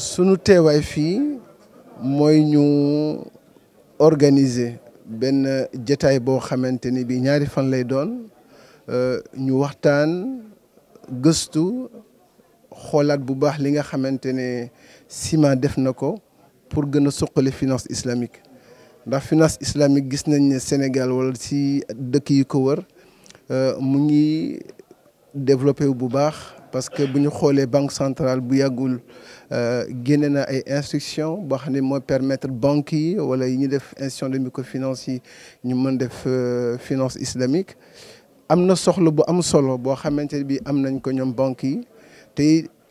suñu teewaay fii mooy ñu organiser benn jataay boo xamante ni bi ñaari fan lay doon euh, ñu waxtaan gëstu xoolaat bu baax li nga xamante ne ciment def na ko pour gën a suqali finance islamique ndax finance islamique gis nañ ne Sénégal wala ci dëkk yi ko wër euh, mu ngi développé wu bu baax parce que si nous avons les banques centrales, yàggul euh, génne na ay instructions boo permettre banquiers banquiers wala yi ñu de microfinance yi ñu des def euh, finance islamique nous na soxla bu am solo boo xamante bi am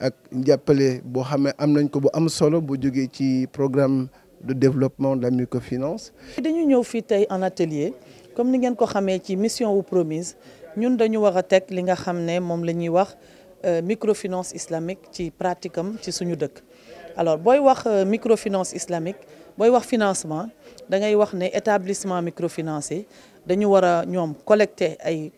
ak avons boo xam programme de développement de la microfinance. Nous ñëw en atelier comme nous ngeen ko xamee ci mission ou promise Nous dañu war a teg li nga la euh, microfinance islamique ci pratique am ci suñu dëkk. alors booy wax euh, microfinance islamique booy wax financement nous allons wax ne établissement microfinancé dañu a collecter ay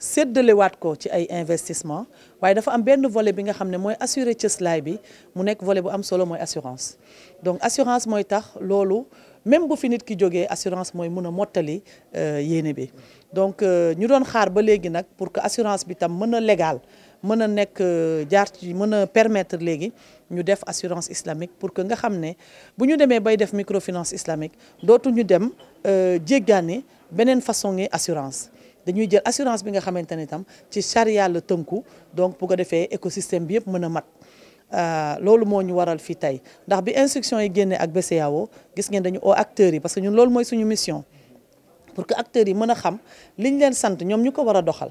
séddalewaat ko ci ay investissement waaye dafa am benn volet bi nga xam ne assuré assurer cëslaay bi mu nekk volet bu am solo mooy assurance donc assurance mooy tax lolo même bu fi nit ki jógee assurance moy mëna motali euh yéene bi donc euh, ñu doon xaar ba légui nak pour que assurance bi tam mëna légal mëna nek euh, jaar ci mëna permettre légui ñu def assurance islamique pour que nga xamné buñu démé bay def microfinance islamique dootu ñu dem euh, jéggaane beneen façon assurance dañuy jël assurance bi nga xamante tam ci charia le tënku donc pour ko défé écosystème bi yëpp mëna a mat euh, loolu moo ñu waral fi tay ndax bi instruction yi génnee ak BCEAO gis ngeen dañu oo acteurs yi parce que ñun lolu moy suñu mission pour que acteurs yi mëna xam liñ leen sante ñom ñuko wara doxal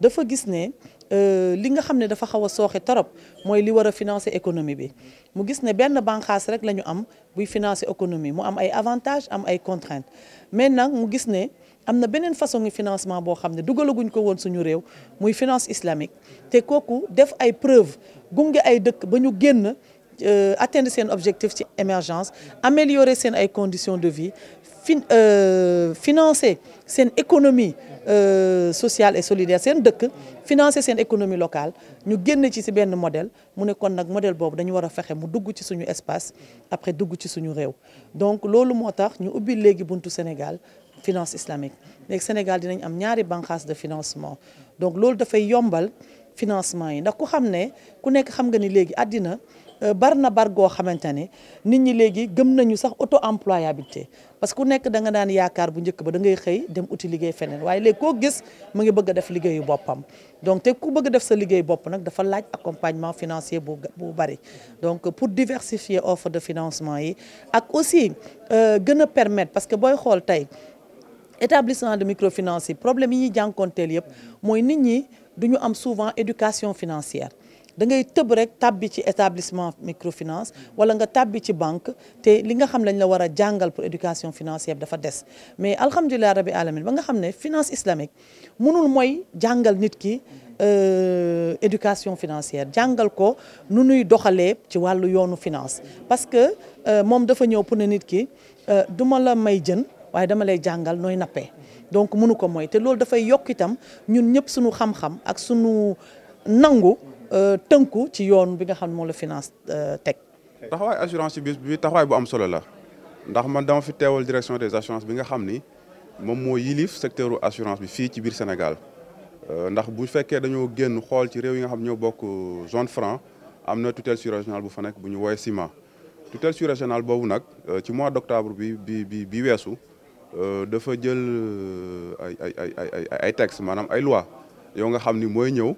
dafa gis ne euh, li nga xam ne dafa xaw a sooxe torop mooy li war a financer économie bi mu gis ne benn bànqaas rek la ñu am buy financer économie mu am ay avantages am ay contraintes mais nag mu gis ne am na beneen façon ngi financement boo xam ne dugalaguñ ko woon suñu réew muy finance islamique te kooku def ay preuve gunge ay dëkk ba ñu génn euh, atteindre seen objectif ci émergence améliorer seen ay conditions de vie fin euh, financer une économie euh, sociale et solidaire seen dëkk financer une économie locale ñu génn ci bien le modèle mu ne kon nag modèle bob dañu war a fexe mu dugg ci suñu espace après dugg ci suñu réew donc loolu nous tax ñu ubbi du buntu Sénégal finance islamique léegi Sénégal dinañ am ñaari de financement donc de fait yombal financement yi ndax ku xam ne ku nekk xam nga ni euh, bar na bar goo xamante nit ñi légui gëm nañu sax auto employabilité parce que ku nekk da nga daan yaakar bu njëkk ba da ngay xey dem outil liguey fenen waye léegi ko gis mu ngi bëgg a def liggéeyu boppam donc té ku bëgg def sa liguey bopp nak dafa laaj accompagnement financier bu bu bari donc pour diversifier offre de financement yi ak aussi euh gëna permettre parce que boy xol tay établissement de microfinance problème yi ñuy jànkoonteel yëpp moy nit ñi duñu am souvent éducation financière da ngay tëb rek tàbbi ci établissement microfinance wala nga tàbbi ci banque te li nga xam lañ la war a jàngal pour éducation financière dafa des mais alhamdulilah rabbi alamin ba nga xam ne finance islamique mënul mooy jàngal nit ki euh, éducation financière jàngal ko nu nuy doxalee ci wàllu yoonu finance parce que euh, moom dafa ñëw pour ne nit ki euh, duma la may jën waaye dama lay jàngal nooy nappee donc munu ko mooy te loolu dafay yokk itam ñun ñëpp suñu xam ak suñu nangu Euh, tënku ci yoon bi nga xam ne moom la finance euh, teg. taxawaay assurance bi bi taxawaay bu am solo la ndax man dama fi teewal direction des assurances bi nga xam ni moom moo yilif secteur assurance bi fii ci biir Sénégal euh, ndax bu fekkee dañoo génn xool ci réew yi nga xam ñoo bokk zone franc am na tutelle surrégionale bu fa nekk bu ñu woowee CIMA. tutelle sur surrégionale boobu nag ci mois d' octobre bi bi bi bi weesu dafa jël ay ay ay ay ay textes maanaam ay loi yoo nga xam ni mooy ñëw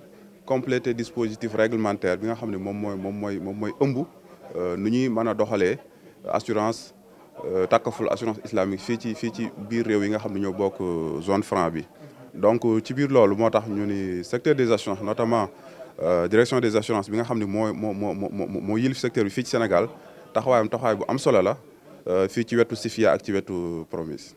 compléter dispositif réglementaire bi nga nous nous euh, euh, assurance islamique zone franc donc euh, ci biir lolu secteur des assurances notamment direction des assurances bi nga xamni secteur bi Sénégal taxawam bu am solo la Promise